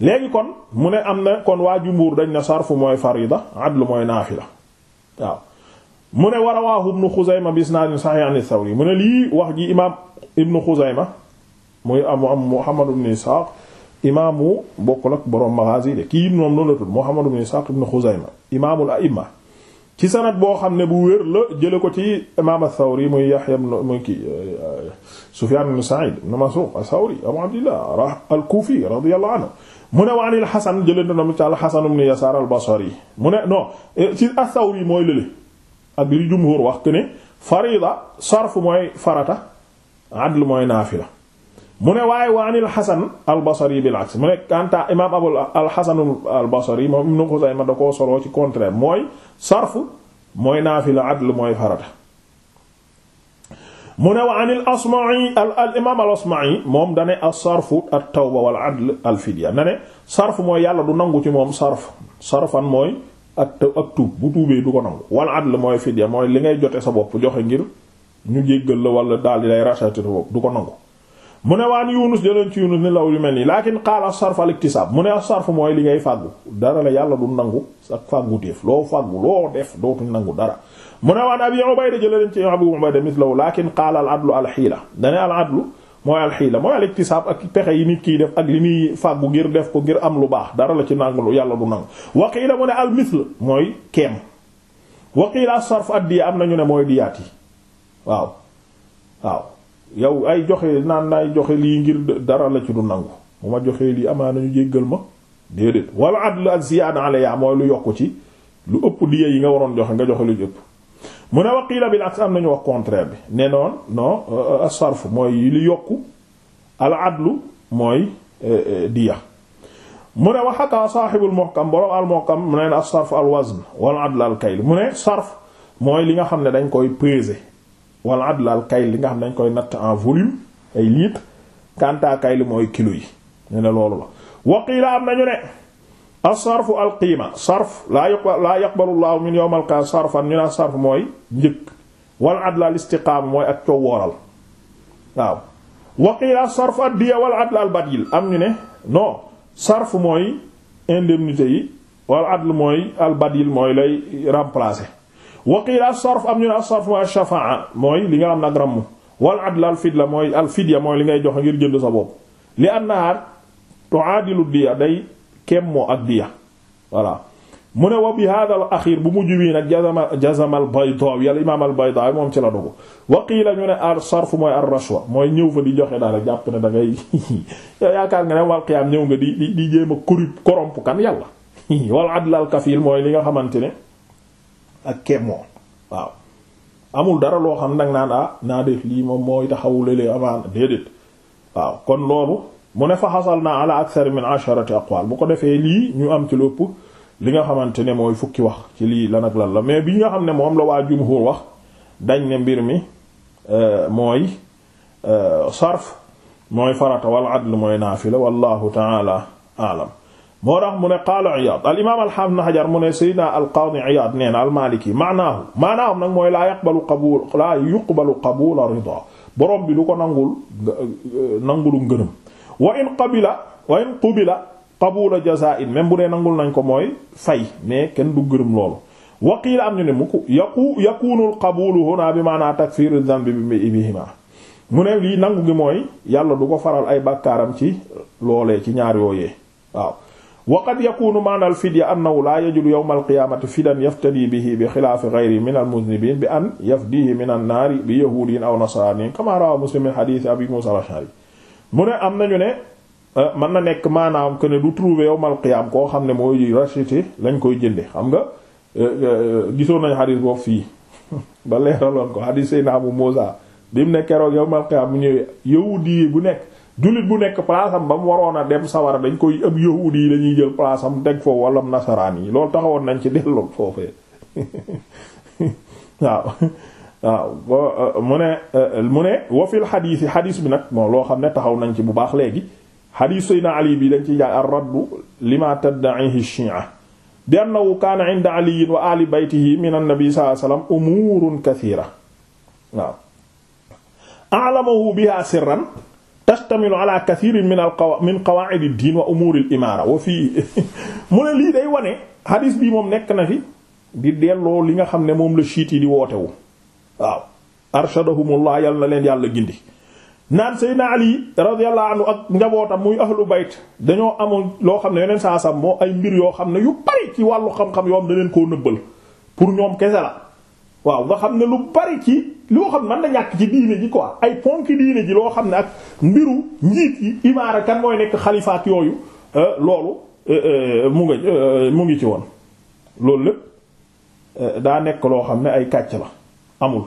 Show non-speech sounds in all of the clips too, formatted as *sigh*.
léegi kon mu ne am na kon waa jumbuur dañ ne sarfu mooy farida adlu mooy naafila waaw mu ne war a waahu ibnu xuzayma bi isnaadin sahih an thawri mu ne lii wax ji imaam ibnu xuzayma muy am am muhammad ibnu ishaaq imaamu bokkul ak borom maghazi de kii moom noonu la tudd muhammad ibnu ishaaq ibnu xuzayma imaamul a'imma ci sanad boo xam ne bu wér la jële ko ci imaam ath-Thawri muy Yahya muy kii Sufyaan ibn Sa'iid ibn Masruuq ath-Thawri Abu Abdillah al-Kuufi radiyallahu anhu mu ne waanil xasan jëlee na ci alxasan ibn yasaar albasari mu ne non eh, ci as-sawri mooy lële ak li jumhur wax que ne farida sarf mooy farata adl mooy naafila mu ne waaye waanil xasan albasari bil aks mu ne kanta imaam abul alxasan albasari moom ibn xuzayma da koo soloo ci contraire mooy sarf mooy naafila adl mooy farata. mu ne wa anil asma'i al imaam al moom da ne as-sarfu at-tawba wal adl al fidya na ne sarf mooy yàlla du nangu ci moom sarf sarfan mooy ak ak tuub bu tuubee du ko nangu wal adl mooy fidya mooy li ngay jote sa bopp joxe ngir ñu jéggal la wala daal di lay racheter sa bopp du ko nangu. mu ne waan yunus jëleen ci yunus ni law yu mel nii laakin xaala sarf al iktisaab mu ne a sarf mooy li ngay fàggu dara la yàlla du nangu ak fàgguteef loo fàggu loo def dootuñ nangu dara mu ne waan abi ubayda jëla leen ci abu ubayda mislaw lakin qaala al adlu al xiila dane al adlu mooy al xiila mooy al iktisaab ak pexe yi nit kiy def ak li muy fàggu ngir def ko ngir am lu baax dara la ci nangu yàlla du nangu wa qiila mu ne al misl mooy keem wa qiila sarf addiya am nañu ne mooy diyaat waaw waaw ay joxe naan naay joxe lii ngir dara la ci du nangu bu ma joxee lii amaana ñu jéggal ma déedéet wala adlu ak ziyaada alayya mooy lu yokku ci lu ëpp diya yi nga waroon joxe nga joxe lu ëpp mu ne waqiila bil aks am nañu wax contraire bi ne noon non euh, euh, asarfu mooy li yokku al adlu mooy euh, diya mu ne waxakaa saaxibul muhkam boroom al muhkam mu ne asarf al wazn wal adl al li mu ne sarf mooy li nga xam ne dañ koy peser wal adl al kayl li nga xam ne dañ koy natt en volume ay litres quant à kayl mooy kilo yi ñu ne loolu la waqiila am nañu ne as-sarfu al-qiima sarf laa yaqbalu laa yaqbalu Allahu min yawmal qiyaama mooy njëkk wal adl al-istiqaama mooy ak coow wooral waaw. wa qiila sarfu ad-diya wal adl al-badil am ñu ne non sarf mooy indemnité yi wal adl mooy al-badil mooy lay remplacer. wa qiila sarf am ñu ne as-sarf mooy ash-shafaa'a mooy li nga xam nag ramm wal adl al-fidya mooy al-fidya mooy li ngay joxe ngir jënd sa bopp li annaha tu'aadilu diya day. kem moo ak diya voilà mu ne wa bi hada al bu mujj bii nag jazama jazama al Baydawi al imam moom ci la dogu wa qiila ne al sarf mooy ar rashwa mooy ñëw fa di joxe daal jàpp ne dangay *laughs* yaakaar nga ne wal qiyaam ñëw nga di di jéem a corrupt corrompe kan yàlla *laughs* wal adl al kafiil mooy li nga xamante ne ak kem waaw amul dara loo xam nag naan ah naa def lii moom mooy taxawul léeg-léeg avant déedéet waaw kon loolu mu ne fa xasal naa ala akthar min asharati bu ko defee lii ñu am ci lépp li nga xamante ne mooy fukki wax ci lii la ak lan la mais bi nga xam ne moom la waa jumhur wax dañ ne mbir mi euh, mooy euh, sarf mooy farata wal adl mooy naafila wallahu taala alam moo tax mu ne qaala Iyaad al imaam al haafid Hajar mu ne Seydina al qaadi Iyaad nee na maanaahu nag mooy la yaqbalu qabuul laa yuqbalu qabuula ridaa borom bi lu ko nangul euh, nangulu wa in qabila wa in qubila qabula jazaa'in même bu dee nangul nañ ko mooy fay mais kenn du gërëm loolu waqiila am ñu ne mu ko yaqu yakunul qabulu huna bi maanaa takfiru dhanbi bi bihima mu ne lii nangu gi mooy yàlla du ko faral ay bàkkaaram ci loolee ci ñaar yooyee waaw wa qad yakunu maana al fidya annahu la yajidu yawma alqiyaamati fidan yaftadi bihi bi xilaafi gayri min almuznibin bi an yafdihi min annaari bi yahuudiin aw nasraaniin kama rawa muslim min hadiisi abi muusaa mu ne am nañu ne euh, mën na nekk maanaam que ne du trouver yowmal qiyaam koo xam ne mooy racheter lañ koy jënde xam nga euh, euh, gisoon nañ xadis boobu fii *laughs* ba leeraloon ko xadis Seydina bu Muusa bi mu ne keroog yow qiyaam bu ñëwee yahudi bu nekk jullit bu nekk place ba mu waroon a dem sawara dañ koy ëpp yahudi yi lañuy jël place am teg foofu wala nasaraan yi loolu taxawoon nañ ci delloo foofee *laughs* waaw waaw mu ne mu ne wa xadiis bi nag moom loo xam ne taxaw nañ ci bu baax léegi xadiis sayna ali bi dañ ci jaay ar raddu lima tadda'ihi shi'a bi annahu kaana inda aliyin wa ali baytihi min annabi sallallahu alayhi wasallam umuurun kasiira waaw a'lamahu biha sirran ala kathirin min alqawa min qawaa'id wa umuur al-imaara *laughs* mu ne lii day wane xadiis bi moom nekk na fi di delloo li nga xam ne moom la chiite yi di wootewu waaw arshadahumullah yal na leen yàlla gindi naan Seydina Ali radiyallahu anhu ak njabootam muy ahlu bayt dañoo amoon loo xam ne yeneen saa sam moo ay mbir yoo xam ne yu bari ci wàllu xam-xam yoo am da pour ñoom kese waaw xam ne lu bari ci loo xam ne man da ñàkk ci ay ponki ji loo xam ne ak mbiru njiit yi xalifaat yooyu euh, loolu euh, euh, mu nga mu ngi ci woon loolu lépp daa nekk loo xam ne ay kàcc la amul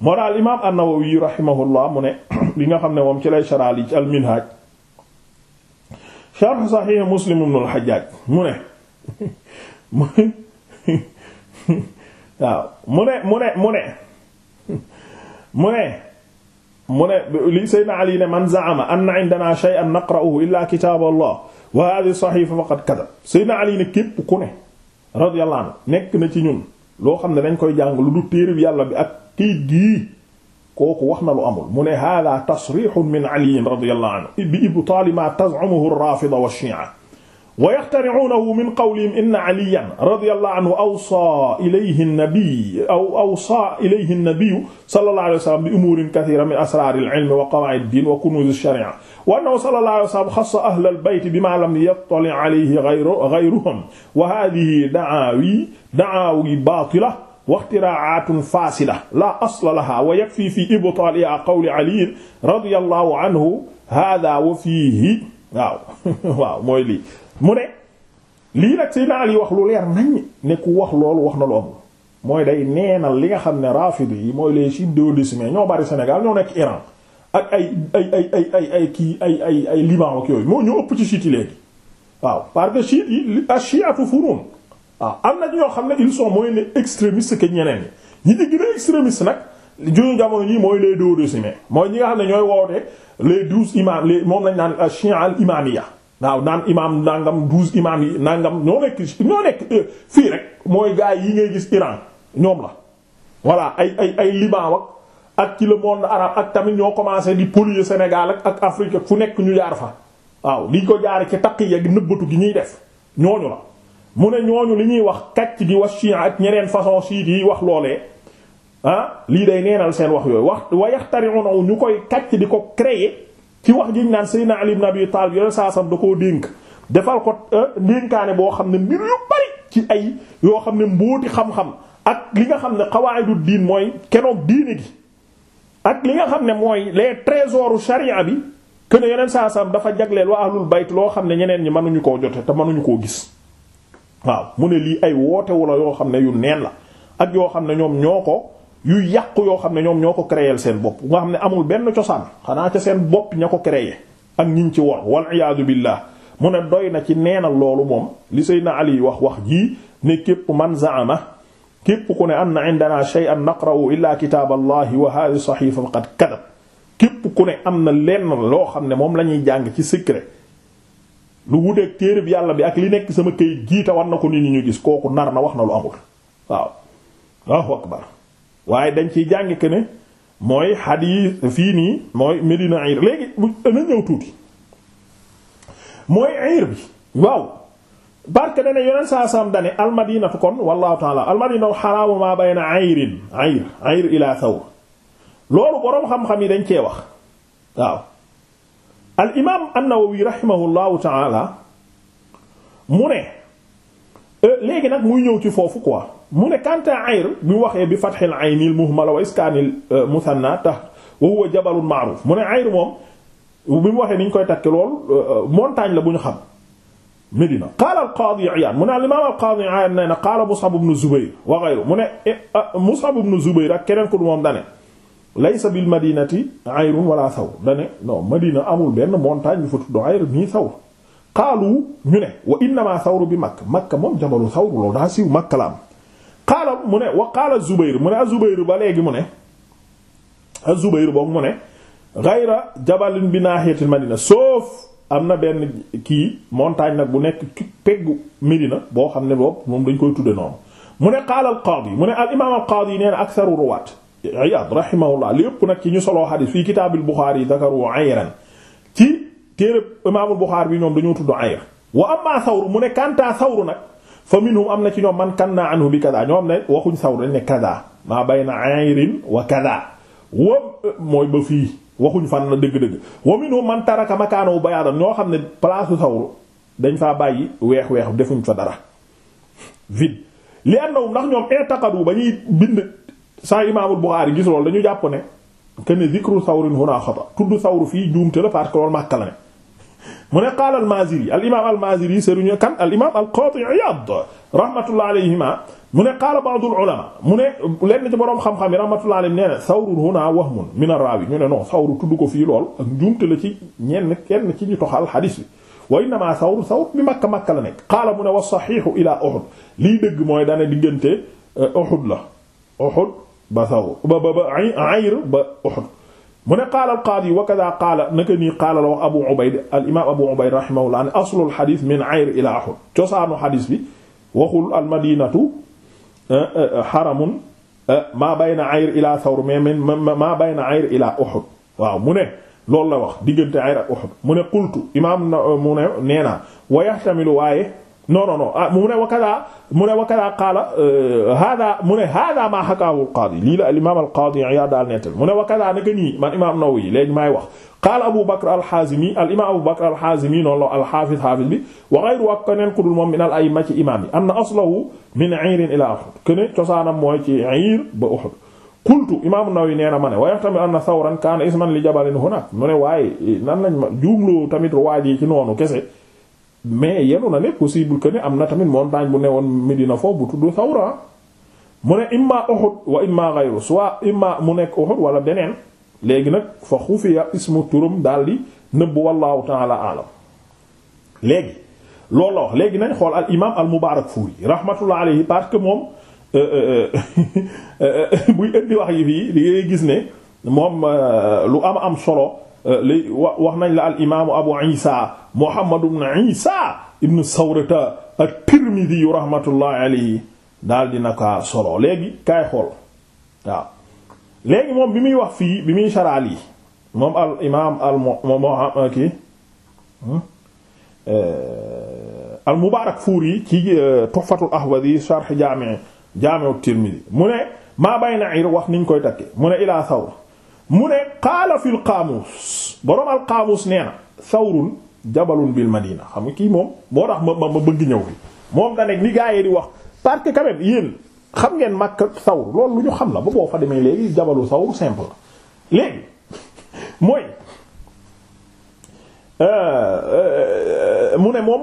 moo daal imaam an-Nawawi rahimahullah mu ne *clears throat* li nga xam ne moom ci lay sharaal yi ci al-Minhaj sharh Sahih Muslim ibn al-Hajjaj mu ne *laughs* waaw mu ne mu ne mu ne mu ne mu ne li Seydina Ali ne man za'ama anna 'indana shay'an naqra'uhu illa kitab Allah wa hadhihi sahifa faqad kadhab Seydina Ali ne képp ku ne radiyallahu anhu nekk na ci ñun loo xam ne dañ koy jàng lu du téereb yàlla bi ak kayit gii kooku wax na lu amul mu ne hada tasrixun min aliyin radiyallahu anhu bi ibtaali ma taz'umuhu ar-rafida wa shi'a wa yaxtaricuunahu min qawlihim inna caliyan radiyallahu anhu awsaa ilayhi nnabiy aw awsaa ilayhi nnabiyu sallallahu alayhi wa sallam bi umuurin kasiira min asraari lcilmi wa qawaacidi ddiin wa kunuuzi shariica wa annahu sallallahu alayhi wa sallam xassa ahla lbayti bimaa lam yattalic calayhi gayruhum wa haadihi dacaawi dacaawi baatila waxtiracaatun faasida laa asla lahaa wa yakfii fii ibtaalihaa qawlu caliyin radiyallahu anhu haadaa wa fiihi waaw *laughs* waaw mooy lii mu ne lii nag Seydina yi wax lu leer nañ ne ku wax loolu wax na lu amul mooy day neenal li nga xam ne rafidi yi mooy les sudéodécimains ñoo bari Sénégal ñoo nekk Iran ak ay ay ay ay ay ay kii ay ay ay Liban ak yooyu moo ñu ëpp ci chiites yi léegi waaw parce que chiites yi ash-shi'atu furun waaw am na ñoo xam ne ils sont moins extrémistes que ñeneen ñi ñi di gën a nag juñu jamono ji mooy les duodécimains mooy ñi nga xam ne ñooy woote les douze imams moom lañ naan chien al imamiya waaw naan imam nangam douze imam nangam ñoo nekk ñoo nekk euh, fii rek mooy gaay yi ngay gis Iran ñoom la voilà ay ay ay Liban wak ak ci le monde arabe ak tamit ñoo commencé di polier Sénégal ak ak Afrique ak fu nekk ñu jaar fa waaw liñ ko jaare ci taq yeg nëbbatu gi ñuy def ñooñu la mu ne ñooñu li ñuy wax kàcc gi wax chien ak ñeneen façon siit yi wax loolee Ah, lii day neenal seen wax yooyu wax wa yaxtari'una ñu koy kàcc di ko créer ci wax jiñ naan Seydina Ali ibn Abi Talib yooyu saa sam da dénk defal ko ndénkaane eh, boo xam ne mbir yu ci ay yoo xam ne mbóoti xam ak li nga xam ne xawaayidu diin mooy kenoog diine gi nga xam ne mooy les trésors charia bi que ne yeneen dafa jagleel waa ahlul bayt loo xam ne ñeneen ñi mënuñu koo jote te mënuñu koo gis waaw mu ne lii ay woote yoo xam ne yu neen la ak yoo xam ne ñoom ñoo ko yu yàqu yoo xam ne ñoom ñoo ko créer seen bopp nga xam ne amul benn cosaan xanaa ca seen bopp ña ko créer ak ñiñ ci wor wal iyaadu billah mu ne doy na ci neenal loolu moom li Seydina Ali wax wax jii ne képp man zaama képp ku ne anna indana shay'an naqra'u illa kitaaballahi wa hadhihi sahifa faqad kadab képp ku ne am na lenn loo xam ne moom la ñuy jàng ci secret lu wuteeg téereb yàlla bi ak li nekk sama këyit jiita war na ko nit ñu gis kooku nar na wax na lu amul waaw waaw akbar waaye dañ ciy jàng que mooy xadiis fii nii mooy Medina ir léegi bu dana ñëw tuuti mooy ir bi waaw barke dane yoneen saa saam dane almadinatu kon wallahu taala almadinatu xaraamu maa bayna ayrin ayr ayr ila thawr loolu boroom xam-xam yi dañ cee wax waaw al imaam an Euh, léegi nag muy ñëw ci foofu quoi mu ne kanta ayr bi waxee bi fathil aynil muhmala wa iskanil euh, musanna tax wa huwa jabalun ma'ruf mu ne ayr moom bi mu waxee ni koy takki lool euh, montagne la bu ñu xam Medina qaala al-qaadi Iyaad mu ne al-imaam al-qaadi Iyaad na qaala Mus'ab ibn Zubayr wa ghayruhu mu ne eh, ah, Mus'ab ibn Zubayr ak keneen ku du moom dane laysa bil madinati ayrun wala thawr dane non Medina amul benn montagne bi fa tudd ayr nii thawr xaalu ñu ne wa innama thawru bi makk makk moom jabalu thawru loolu daa siiw makk la am xaala mu ne wa ba léegi mu ne azubayr boobu mu ne gayra jabalin bi naaxiyatil madina sauf am na benn kii montagne nag bu nekk ci peggu Medina boo xam ne boobu moom dañ koy tudde noonu mu ne qaala al qaadi mu ne al imaam al qaadi nee na aktharu ruwaat Iyaad rahimahullah lépp nag ci ñu soloo xadiis fii kitaabil Buxaari yi dakaru ayran téere imaamul Buxaari bi ñoom dañoo tudd ayr wa amma sawru mu ne kantaa sawru nag fa minhum am na ci ñoom man kan naa anhu bi kada ñoom ne waxuñ sawru dañ ne kada maa bayna na wa kada wa mooy ba fii waxuñ fan la dëgg-dëgg wa minhum man taraka ñoo xam ne place sawru dañ faa bàyyi weex weex defuñ fa dara vide li annahum ndax ñoom i'taqadu ba ñuy bind sa imaamul Buxaari gis loolu dañu jàpp ne kene zikru thawrin huna xata tudd thawru fii njuumte la parce que loolu màkka la ne mu ne qaala al-Maaziri al imaam al-Maaziri sëriñu kan al imaam al-Qaadi Iyaad rahmatullah alayhima mu ne qaala ba'du al-ulamaa mu ne lenn ci boroom xam-xam yi rahmatullah alayhim nee na thawrun huna wahmun min ar-raawi ñu ne non thawru tudd ko fii lool ak njuumte la ci ñenn kenn ci ñu toxal xadiis bi wa innamaa thawru thawr bi makka makka la nekk qaala mu ne wa saxiixu ilaa Uhud lii dëgg mooy dana diggante euh, Uhud la Uhud ba saw ba ba ba ayr ba Uhud mu ne qaala al-qaadi wa kadaa qaala naka nii qaala la wax Abu Ubayd al-imaam Abu Ubayd rahimahullah ne aslul xadiis min ayr ilaa Uhud cosaanu xadiis bi waxul al-madiinatu xaramun eh, eh, eh, maa bayna ayr ilaa Thawr mais maa bayna ayr ilaa Uhud waaw mu ne loolu la wax diggante ayr ak Uhud mu ne qultu imaam mu ne nee naa wa yahtamilu waaye non non non ah mu ne wakada mu ne wakada qaala euh, hada mu ne hada maa xakaahu alqaadi lii la alimam alqaadi Iyaad daal nettal mu ne wakada naka nii man imam Nawawi léegi maay wax qaala Abu Bakr alxaazimi alimam Abu Bakr alxaazimi noonu la alxaafis xaafis bi wa gayru ak keneen ku dul moom min al ayma ci imaam yi am na aslahu min iirin ila Uhud kene cosaanam mooy ci iir ba Uhud qultu imaamu Nawawi nee na ma ne wa yaxtamil anna Sawran kaana isman li jabalin hunaak mu ne waaye nan lañ ma juumloo tamit waa ji ci noonu kese mais yenu na ne possible que ne am na tamit montagne bu ne woon Medina foofu bu tudd Sawra mu ne imma Uhud wa mu nekk wala beneen léegi nag fa xufiya ismu turam daal di nëbb wallahu ta'ala alam léegi loolu la wax léegi nañ xool al imam al Mubarakfuri rahmatullah alayhi parce que moom buy euh, euh, euh, *laughs* indi wax yi fii li ngay gis ne moom lu am am solo li wax nañ la al imaamu Abu Isa Muhammad ibn Isa ibn Sawrata at-Tirmidhi rahmatullahi alayhi daal dina ko solo léegi kaay xool waaw léegi moom bi muy wax fii bi muy saraal yi moom al imaam al mo ah, ah, ki hmm? eh, al Mubaarakfuuri ci eh, Tuhfatul Ahwazi sharh jaami jaami at-Tirmidhi mu ne maa bayna ir wax niñ koy takke mu ne ilaa Sawr mu ne qaala fil qaamuus boroom al qaamuus nee na Sawrun jabalun bil madina xam nga kii moom moo tax ma ma bëgg ñëw fi moom da nekk ni gaa yi di wax parce que quand même yéen xam ngeen Makka sawr loolu lu ñu xam la ba boo fa demee léegi jabalu sawr simple la léegi *laughs* mooy euh, euh, mu ne moom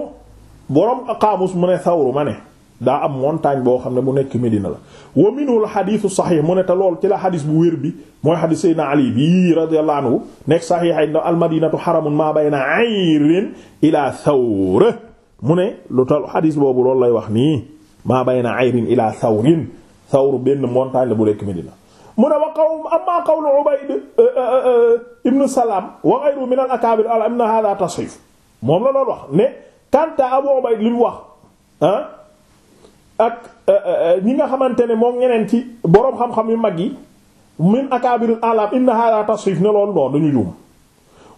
boroom xaamus mu ne sawru ma ne daa am montagne boo xam ne bu nekk Medina la wa minhu alxadisu saxiix mu ne te lool ci la xadis bu wér bi mooy xadis Seydina Ali bi radiyallahu anhu nekk saxiixa yi almadinatu xaramun maa bayna ayrin ila thawra mu ne lu tal xadis boobu loolu lay wax nii maa bayna ayrin ila thawrin thawr benn montagne la bu nekk Medina mu ne wa qawm amma eh, eh, eh, ibn Salam wa ghayru min al akabir ala anna hadha tasxiif moom la loolu wax ne kanta Abu Ubayd li wax ah, ak euh, euh, euh, ñi nga xamante ne moom ñeneen ci boroom xam-xam yu mag yi min akaabiril alam inna hada tasrif ne loolu dañu juum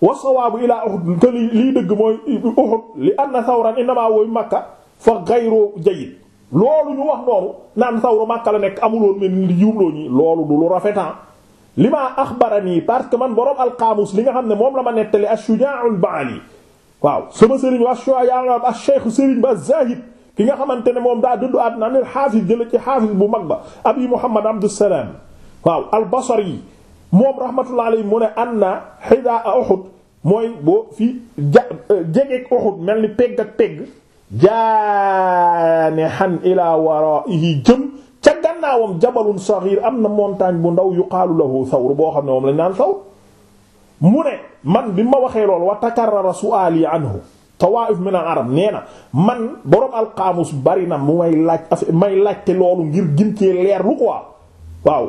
wa sawaabu ilaa Uhud te li dëgg mooy Uhud li anna sawran innama woy makka fa gayru jayyid loolu ñu wax noonu naan sawru makka la nekk amuloon men li juumloo ñi loolu du lu rafetan ah. li ma axbarani parce que man boroom alqaamus li nga xam ne moom la ma nettali ak shujaau al-ba'li waaw sama sëriñ wa ash-shujaa'u al-sheikh sëriñ ki nga xamante ne moom daa dund àdduna anil xaafis jële ci xaafis bu mag ba abi muhammad abdusalaam waaw albasari yi moom rahmatullah alayhi mu ne anna xidaa uhud mooy boo fi ja jegeek uhud mel ni pegg ak pegg jaanexan ila waraihi jëm ca gannaawam jabalun saxiir am na montagne bu ndaw yuqaalu lahu thawr boo xam ne moom lañ naan thawr mu ne man bi ma waxee lool wa takarrara su'aali anhu tawaayuf min al arab nee na man borom alqaamus bari na mu may laaj af may laajte loolu ngir gin cee leer lu quoi waaw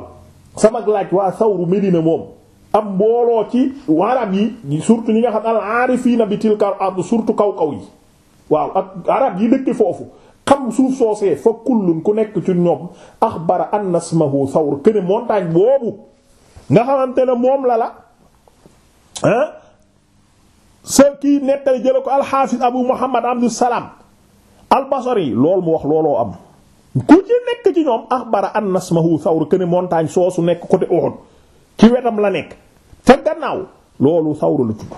samag laaj waa sawru Medina moom am mbooloo ci arab yi surtout ñi nga xam al aarifiina bi tilkal ard surtout kaw kaw yi waaw ak arab yi dëkke foofu xam suuf soosee fa kullun ku nekk ci ñoom axbara anna ismahu sawr këne montagne boobu nga xamante ne moom la la ah sër kii nettali jële ko alxaafis abu muhammad abdusalaam albasari loolu mu wax looloo am ku ci nekk ci ñoom axbara an nasmahu sawr këne montagne soosu nekk côté Uhud ci wetam la nekk te gannaaw loolu sawr la tudd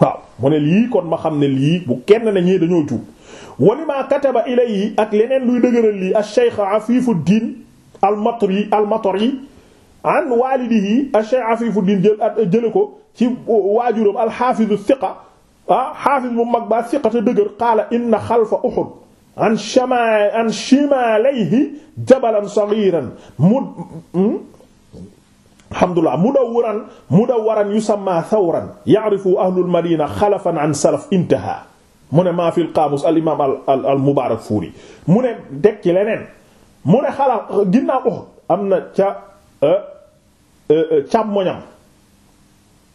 waaw mu ne lii kon ma xam ne lii bu kenn ne ñii dañoo tuub walima kataba yi ak leneen luy dëgëral lii ash-shaykh afifuddin al-matri al-matri an walidihi ash-shaykh afifuddin jël jële ko ci waajuram alxaafisu thiqa ah xaafis bu mag ba siqata dëgër qaala inna xalfa Uhud an shamaa an shimalayhi jabalan saghiran mud hmm? alhamdulillah mudawwaran mudawwaran yusamma thawran ya'rifu ahlul madina xalafan an salaf intaha mu ne maa fi al-qaamus al-imaam al al Mubaarak Fuuri mu ne dëkk ci leneen mu ne xalaat ginnaaw Uhud am na ca eh, eh, eh, càmmoñam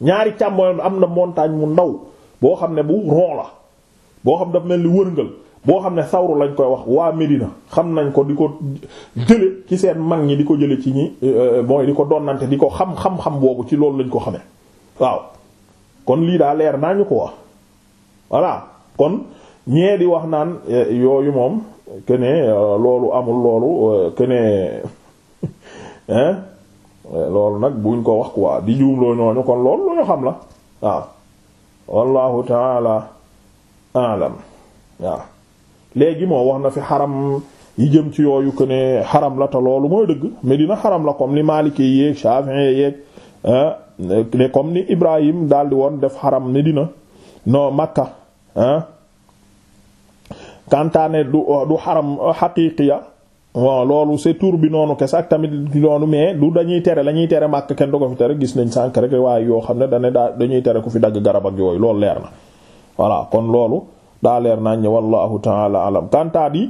ñaari càmmoñam am na montagne mu ndaw. boo xam ne bu rond la boo xam daf mel ni wërngal boo xam ne sawru lañ koy wax waa Medina xam nañ ko di ko jële ci seen mag ñi di ko jële ci ñi euh, mooy di ko donnante di ko xam xam-xam boobu ci loolu lañ ko xamee waaw kon lii daa leer naa ñu ko wax voilà kon ñee di wax naan euh, yooyu moom que euh, loolu amul loolu que ne *laughs* loolu nag bu buñ ko wax quoi di juumloo ñooñu kon loolu lu ñu xam la waaw wallahu taala alam waaw léegi moo wax na fi xaram yi jëm ci yooyu que ne xaram la loolu mooy dëgg Medina xaram la comme ni Maliki yeeg Shafi'i yeeg ah, ne comme ni Ibrahim daal di woon def xaram Medina non Makka ah kantaane du du xaram ah, waaw loolu c'est tur bi noonu kese ak tamit noonu mais du dañuy tere la tere màkk kenn du ko fi tere gis nañ sànk rek waaye yoo xam ne dane daa dañuy tere ku fi dagg garab ak yooyu loolu leer na voilà kon loolu daa leer naa ñi wallahu taala alam kantaat yi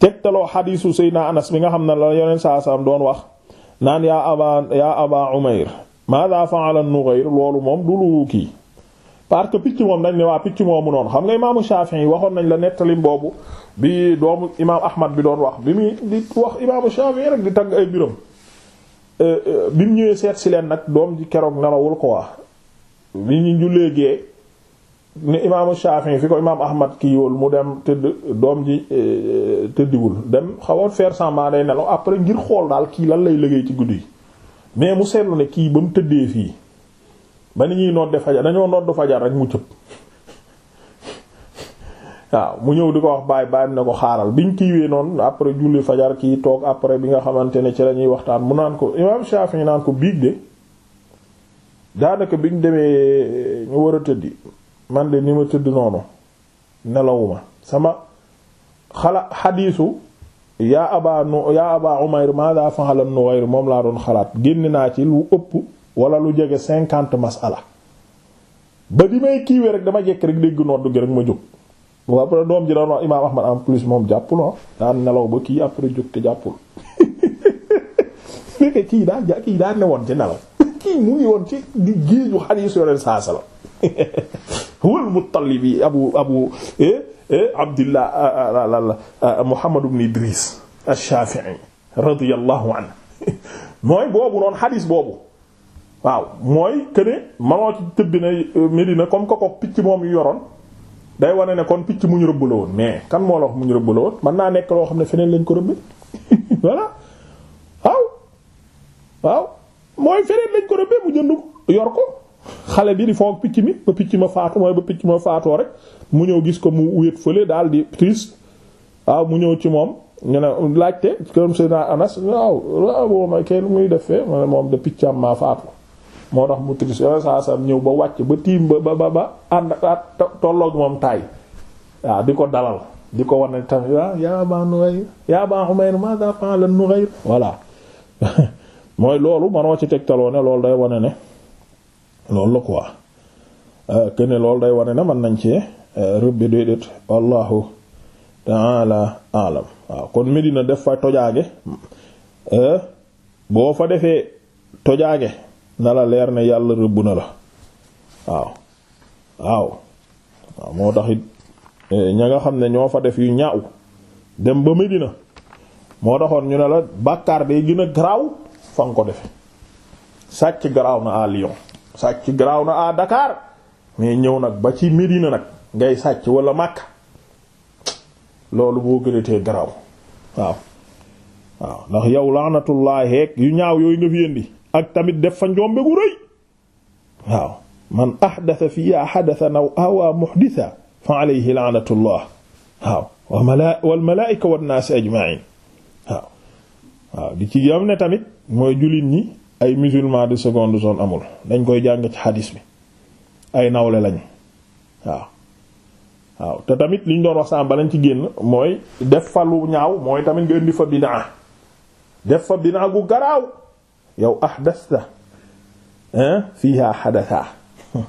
tegtaloo xadiisu Seydina Anas bi nga xam ne la yoneen saa saam doon wax naan yaa aba yaa aba Umayr maada fa'ala Nughayr loolu moom du lu kii parce que picc moom dañ ne waa picc moomu noonu xam nga imaamu Shafi'i yi waxoon nañ la nettalim boobu bi doomu imaam Ahmad bi doon wax bi muy di wax imaamu Shafi'i rek di tagg ay biram euh, euh, bi mu ñëwee seet si leen nag doom ji keroog nelawul ko waa bi ñu jullee gee ni imaamu Shafi'i fi ko imaam Ahmad kii wol mu dem tëdd doom ji euh, tëddiwul dem xawoon faire semblant day nelaw après ngir xool daal kii lan lay liggéey ci guddi yi mais mu seetlu ne kii ba mu tëddee fii ba ni ñuy nodde fajar dañoo noddu fajar rek mu cëb waaw mu ñëw di ko wax baay baayam ne ko xaaral biñ kiiwee noonu après julli fajar kii toog après bi nga xamante ne ci lañuy waxtaan mu naan ko imaam Shafi'i naan ko biig de daanaka biñ demee ñu war a tëddi man de ni ma tëdd noonu nelawuma sama xala xadiisu yaa aba nu yaa aba Umayr maa daa faxalam Nuwayr moom laa doon xalaat génn naa ci lu ëpp wala lu jege cinquante masala ba di may kiiwee rek dama jekk rek dégg noddu gi rek ma jóg bu après doom ji doon wax imaam Ahmad en plus moom jàppuloo ah daan nelaw ba kii après jóg te jàppul *laughs* fekke kii daa ja kii ci nelaw *laughs* kii mu ngi woon ci di géeju xadiis yoneen saa sala wal Muttalibi abu abu eh, eh, Abdillah ah, ah, ah, Muhammad ibn Idris ash-Shafi'i radiyallahu anhu *laughs* mooy boobu noonu xadiis boobu waaw mooy que ne manoo ci tëbbi na euh, comme ko ko picc moom yu yoroon day wane ne kon picc mu ñu rëbb la woon mais kan moo la mu ñu rëbb la naa nekk loo xam ne feneen lañ ko *laughs* yor ko xale di foog picc mi ba picc ma faatu mooy ba picc ma faatoo rek mu ñëw gis ko mu wéet fële daal di triste waaw mu ñëw ci moom. ñu ne laajte muy defee moom de piccam maa faatu moo tax mu triche yooyu saa saa ñëw ba wàcc ba tiim ba ba ba ànd ak tolloog moom taay waaw di ko dalal di ko wan ne tamit waaw yaa ba Nughayr yaa ba Umayr maza fa'ala Nughayr voilà *laughs* mooy loolu manoo ci tegtaloo ne loolu day wane ne loolu la quoi euh, que ne loolu day wane ne man nañ ci euh, rëbbi déedéet wallahu ta'ala alam waaw kon Medina def fa tojaage euh, boo fa defee tojaage. na la leer ne yàlla rëbb na la waaw waaw moo taxit eh, xam ne ñoo fa def yu ñaaw dem ba Medina moo taxoon ñu ne la bàkkaar day gën a garaaw fa nga ko defe sàcc garaaw na à Lyon sàcc garaaw na à Dakar mais ñëw nag ba ci Medina nag ngay sàcc walla Makka loolu boo gënatee garaaw waaw waaw ndax yow laanatullaaheeg yu ñaaw yooyu nga fi yëndi ak tamit def fa njombe gu rëy waaw man ahdatha fiha hadathan aw awa muhdithan fa alayhi la'natullah waaw wal malaa'ika wan naas waaw waaw di ci yam ne tamit mooy jullit ñi ay musulman de seconde zone amul dañ koy jàng ci xadis bi ay nawle lañ waaw waaw te tamit liñ doon wax sàmba lañ ci génn mooy def fa lu ñaaw mooy tamit nga indi fa bidaa def fa bidaa gu garaaw yow ahdasta fiiha hadatha *laughs*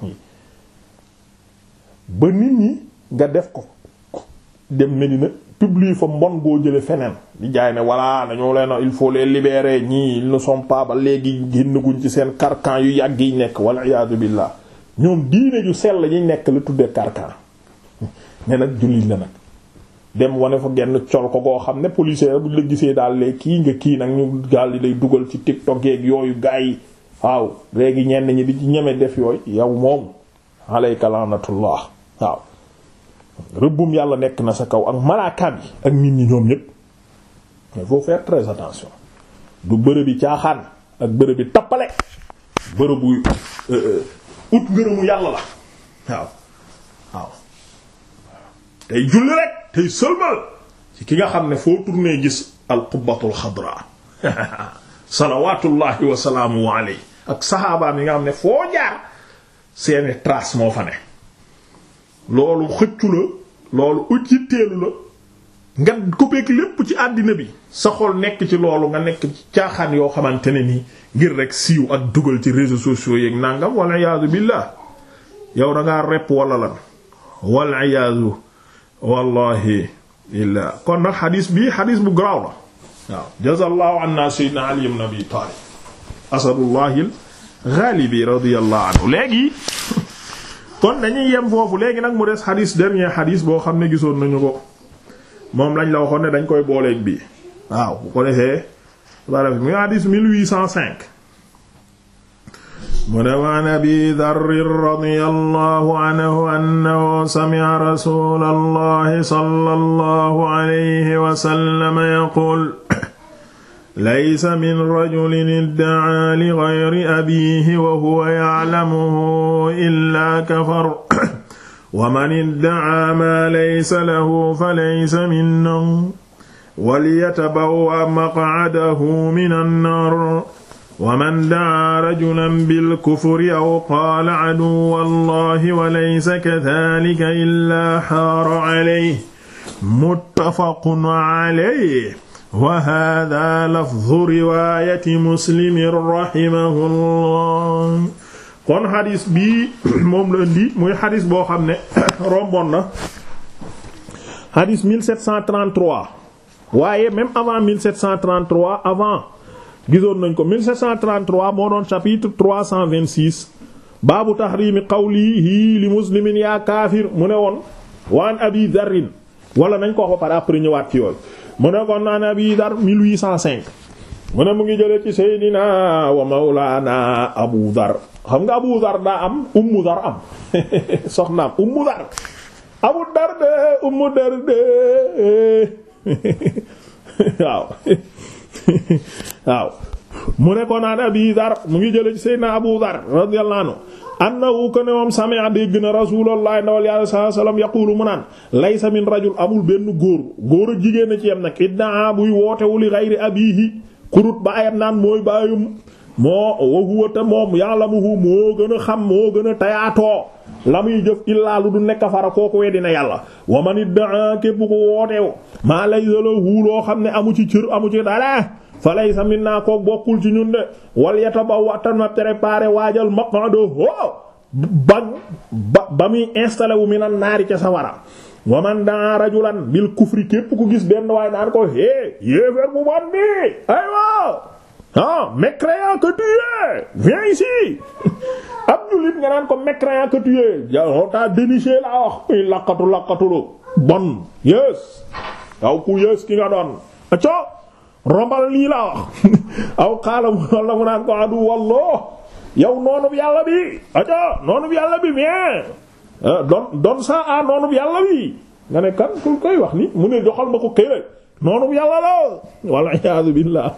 ba nit ñi nga def ko dem Medina publie fa mbon goo jële feneen di jaay ne voilà dañoo leen il faut les libérer ñii ils ne ba léegi génn guñ ci seen carcan yu yàgg yi nekk wal iyaadu billah ñoom diine ju sell ñi nekk la tudde carcan *laughs* ne nag jullit la nag dem wane fa genn col ko koo xam ne policier bu la gisee daal lee kii nga kii nag ñu daal lay dugal ci tiktok yeeg yooyu gaa yi waaw léegi ñenn ñi di ci ñeme def yooyu yow moom alayka laanatullah waaw yàlla nekk na sa kaw ak malaakaam yi ak nit ñi ñoom ñépp il faut faire attention du bërëbi caaxaan ak bërëbi tappale bërëbu euh, euh, ut ngërëmu yàlla la waaw waaw tey julli rek tey sëlmal ci ki nga xam ne foo tourné gis alqubbatul xadra *laughs* salawatullahi wasalaamu aley ak saxaabaam yi nga xam ne foo jaar seeni trace moo fa ne loolu xëccu la loolu ucci teelu la nga kopeeg lépp ci àddina bi sa xol nekk ci loolu nga nekk ci caaxaan yoo xamante ne nii ngir rek siiw ak dugal ci réseaux sociaux yeeg nangam wal iyaadu billah yow da ngaa rep wala lan wal iyaadu wallahi illa kon nag xadis bi xadis bu garaaw la waaw jazallahu anna sayyidina ali ibn abi talib asadullahil ghalibi radiyallahu anhu léegi *laughs* kon dañuy yem foofu léegi nag mu des xadis dernier xadis boo xam ne gisoon nañu ko moom lañ la waxoon ne dañ koy booleeg bi waaw bu ko defee ba def muy xadis 1805 mu ne waan abi darrin radiyallahu anhu annahu sami'a rasulallahi sallallahu alayhi wasallam yaqul laysa min rajulin idda'a li ghayri abiihi wa huwa ya'lamuhu illaa kafar wa man idda'a maa laysa lahu falaysa minnaa walyatabawwa maq'adahu mina nnaar wa daa rajulan bilkufri aw qaala aduwwa allahi wa laysa kadaalika illaa xaara alayhi muttafaqun alayhi wa haadaa lafdu riwaayati muslimin rahimahu llah kon xadis bii *coughs* moom la indi boo xam ne *coughs* romboon na gisoon nañ ko 1733 moo doon chapitre 326 baabu tahrimi qawlihi li muslimin yaa kaafir mu ne won wa an abi darrin wala nañ ko wax pare après ñëwaat ci yooyu mu ne kon an abi dar 1805 mu ne mu ngi jëlee ci seydina wa mawlaana abu dar xam nga abu dar daa am ummu dar am *laughs* soxnaam ummu dar abu dar de ummu dar de *laughs* waaw *laughs* *laughs* waaw mu ne ko naan mu ngi jële ci seydina abu dar radiyallahu anhu annahu ko ne moom sami'a na rasulullah ndawal yàlla sa alayhi wasallam yaqulu mu naan laysa min rajul amul benn góor góor ak jigéen a ci yem nag iddaa buy wootewu li ghayri abihi kurut baayam naan mooy baayum moo wa huwa ta moom ya'lamuhu moo gën a xam moo gën a tayaatoo la muy jëf illaa du nekk fara kooku weddi na yàlla wa man iddaa képp ko wooteewu maa lay sala huuloo xam ne amu ci cër amu ci dara sa laysa naa kook bokkul ci ñun de wal yata a watana préparé waajal maqado ho ba ba ba muy installé wu mi na naari ca sawara wa man daa rajulan bil kufri képp ku gis benn waaye naan ko hé yéeféer bu bon bi aywa ah mécréant que tu viens ici *laughs* ab jullit nga naan ko mécréant que tu yow taa déniché laa wax muy laqatu laqatulu bon yes yow ku yes ki nga doon aco rombal lii laa wax *laughs* aw xaala walla mu naan ko adu wallah yow noonu bi yàlla bi aco noonu bi yàlla bi bien eh, don don sa a noonu bi yàlla bi nga ne kan ku koy wax ni mu ne joxal ma ko këy noonu yàlla la wal iyaadu billah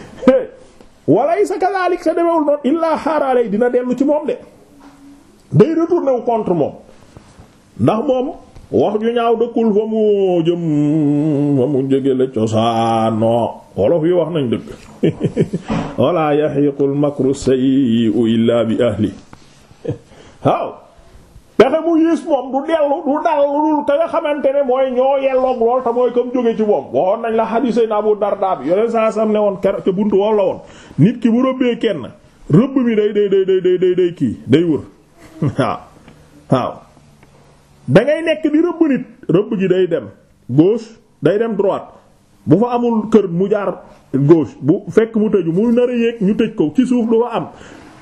*laughs* walay sa kadalik sa noonu illaa xaaraalay dina dellu ci moom de day retourné wu contre moom ndax moom wax ju ñaaw dëkkul fa mu jëm fa mu jóge la cosaano wolof yi wax nañ dëgg *laughs* wala yaxiqu al makru illaa bi ahli *laughs* waaw pexe mu yiis moom du dellu du dal te nga xamante ne mooy ñoo yelloog lool te mooy comme jóge ci moom waxoon nañ la xadiis na Abu Darda bi yoneen saa sam ne woon ker ca buntu woow la woon nit ki bu rëbbee kenn rëbb mi day day day day day day kii day wër *laughs* waaw waaw da ngay nekk di rëbb nit rëbb gi day dem gauche day dem droite bu fa amul kër mu jaar gauche bu fekk mu tëju mu nar a yéeg ñu tëj ko ci suuf du fa am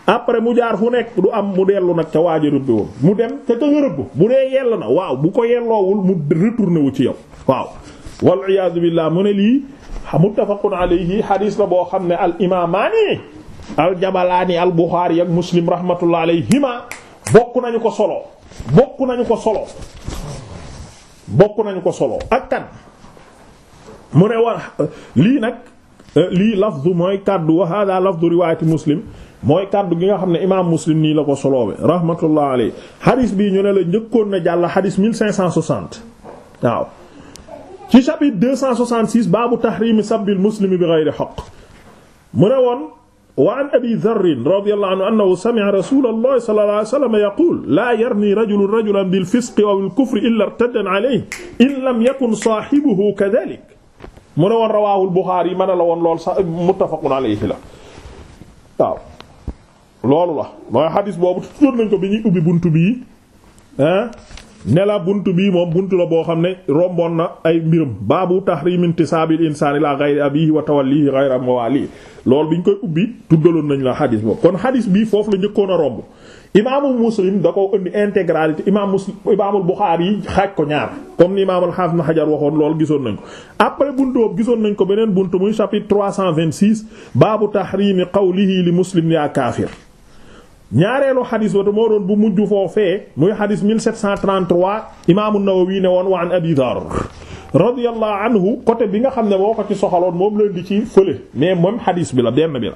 après mu jaar fu nekk du am mu dellu nag ca waaj a woon mu dem ca ka rëbb bu dee yell na waaw bu ko yelloowul mu retourné wu ci yow waaw wal iyaadu billaah mu ne lii muttafaqun alayhi hadis la boo xam ne al imaamaani al jabalaani al buxaari ak muslim rahmatullah alayhima bokk nañu ko solo bokk nañu ko solo bokk nañu ko solo ak kan mu ne war lii nag lii lafdu mooy kàddu wa hada lafdu riwaayati muslim mooy kàddu gi nga xam ne imaam muslim nii la ko soloowe rahmatullah alay xadis bii ñu ne la njëkkoon na jàll xadis 1560 waaw ci chapitre 266 baabu tahrimi sabbil muslimi bi ghayri haqq mu ne woon wa an abi dharrin radiyallahu anhu annahu sami'a rasulallahi sallallahu alayhi wa sallam yaqul la yarmi rajulun rajulan bil fisqi aw al kufri illa irtadda alayhi in lam yakun sahibuhu kadhalik mu ne woon rawaahul Bukhari yi mën a la woon lool sax muttafaqun alayhi la waaw loolu la mooy xadis boobu tuddoon nañ ko bi ñuy ubbi buntu bii ne la buntu bii moom buntu la boo xam ne romboon na ay mbirum baabu tahrim intisaabil insaani la ghayri abihi wa tawallihi ghayra mawali loolu bi ñu koy ubbi tuddaloon nañ la xadis boobu kon xadis bii foofu la njëkkoon a romb imaamul muslim da ko indi intégralité imaam muslim imaamul buxaari yi xaaj ko ñaar comme ni imaamul xaafis na xajar waxoon loolu gisoon nañ ko après buntu boobu gisoon nañ ko beneen buntu muy chapitre 326 baabu tahrimi qawlihi li muslim ya kaafir ñaareelu xadis ba te moo doon bu mujj foofee muy xadis 1733 imaamu Nawawi ne woon wa an Abi Dar radiyallahu anhu côté bi nga xam ne boo ko ci soxaloon moom leen di ci fële mais moom xadis bi la benn bi la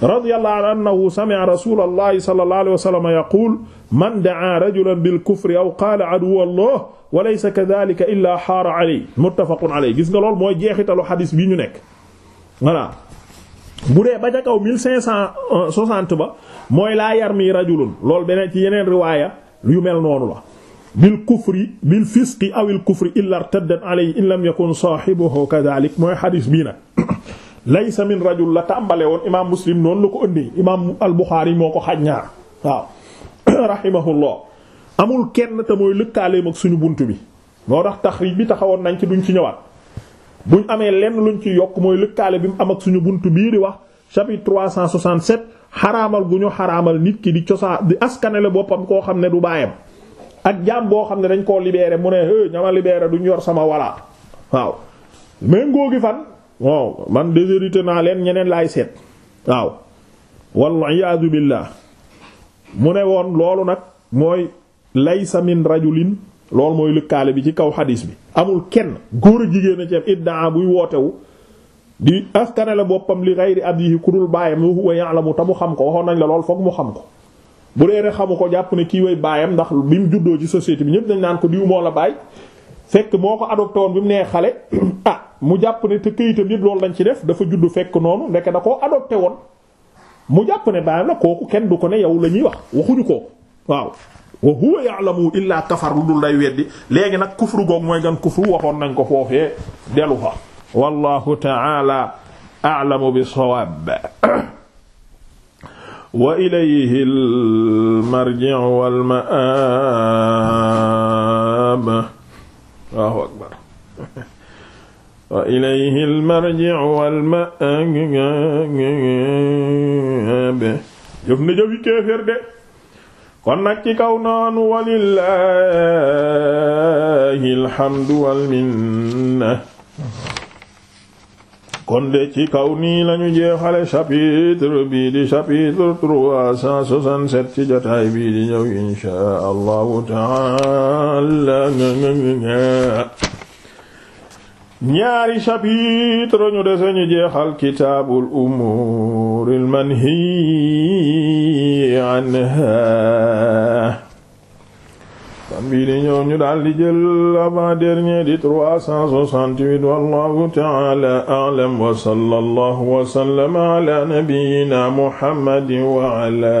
radiyallahu anhu annahu sami'a rasulallahi sallallahu alayhi wa sallam yaqul man da'a rajulan bil kufri aw qaala aduwwallah wa laysa kadhalika illa haara alayhi muttafaqun alayhi gis nga lool mooy jeexitalu xadis bi ñu nekk bu dee ba ca kaw 1560 ba mooy laa yar mii rajulun lool beneen ci yeneen riwaaya yu mel noonu la bil kufri bil fisqi awil kufri illa irtaddat alayhi in lam yakun saahibuhu kadhalik mooy xadis bii nag *coughs* laysa min rajul la tàmbale woon imam muslim noonu la ko ëndee imam al Buxaari moo ko xaj ñaar waaw *coughs* rahimahullah amul kenn te mooy lëkkaaleem ak suñu bunt bi moo tax taxriij bi taxawoon nañ ci duñ ci ñëwaat buñ amee lenn luñ ci yokk mooy lëkkaale bi mu am ak suñu bunt bii di wax chapitre 367 xaraamal gu ñu xaraamal nit ki di cosaan di askaneele boppam koo xam ne du baayam ak jaam boo xam ne dañ koo libéré mu ne hé ñama libéré duñ yor sama walla waaw méngoo gi fan waaw man déshérité naa leen ñeneen laay seet waaw wal iyaadu billah mu ne woon loolu nag mooy laysa min rajulin loolu mooy lëkkaale bi ci kaw xadiis bi amul kenn góor a jigéen a ci am iddaa buy wootewu di askanale boppam li gayri abihi ku dul baayam huwa ya'lamu ta mu xam ko waxoon nañ la lool foog mu xam bu dee xamu ko jàpp ne kii way baayam ndax bi juddoo ci société bi ñëpp dañ naan ko diw moo la baay fekk moo ko bi mu nee xale *clears throat* ah mu jàpp ne te këyitam yëpp loolu lañ ci def dafa juddu fekk noonu ndeke da adopté woon mu jàpp ne baayam la kenn du ko ne yow la ñuy wax waxuñu kooku waaw wa huwa ya'lamu ila kafar lu dul day weddi léegi nag kufru goog mooy gan kufru waxoon nañ ko foofee delu fa wallahu ta'ala a'lamu bis-sawab wa ilayhi al-marji'u wal-ma'ab Allahu akbar wa ilayhi al kon nag ci kaw noonu walillahi alhamdu wal minna kon de ci kaw nii lañu jeexale chapitre bii di chapitre 367 ci jotaay bii di ñëw inshaa allahu taala ñaari chapitre ñu dese ñu jeexal kitaabul umuuril manhiyyi anhaa kon bii di ñëw ñu daal di jël avant-dernier di ta'ala a'lam wa sallallahu wa sallama ala nabiyyina muhammadin wa ala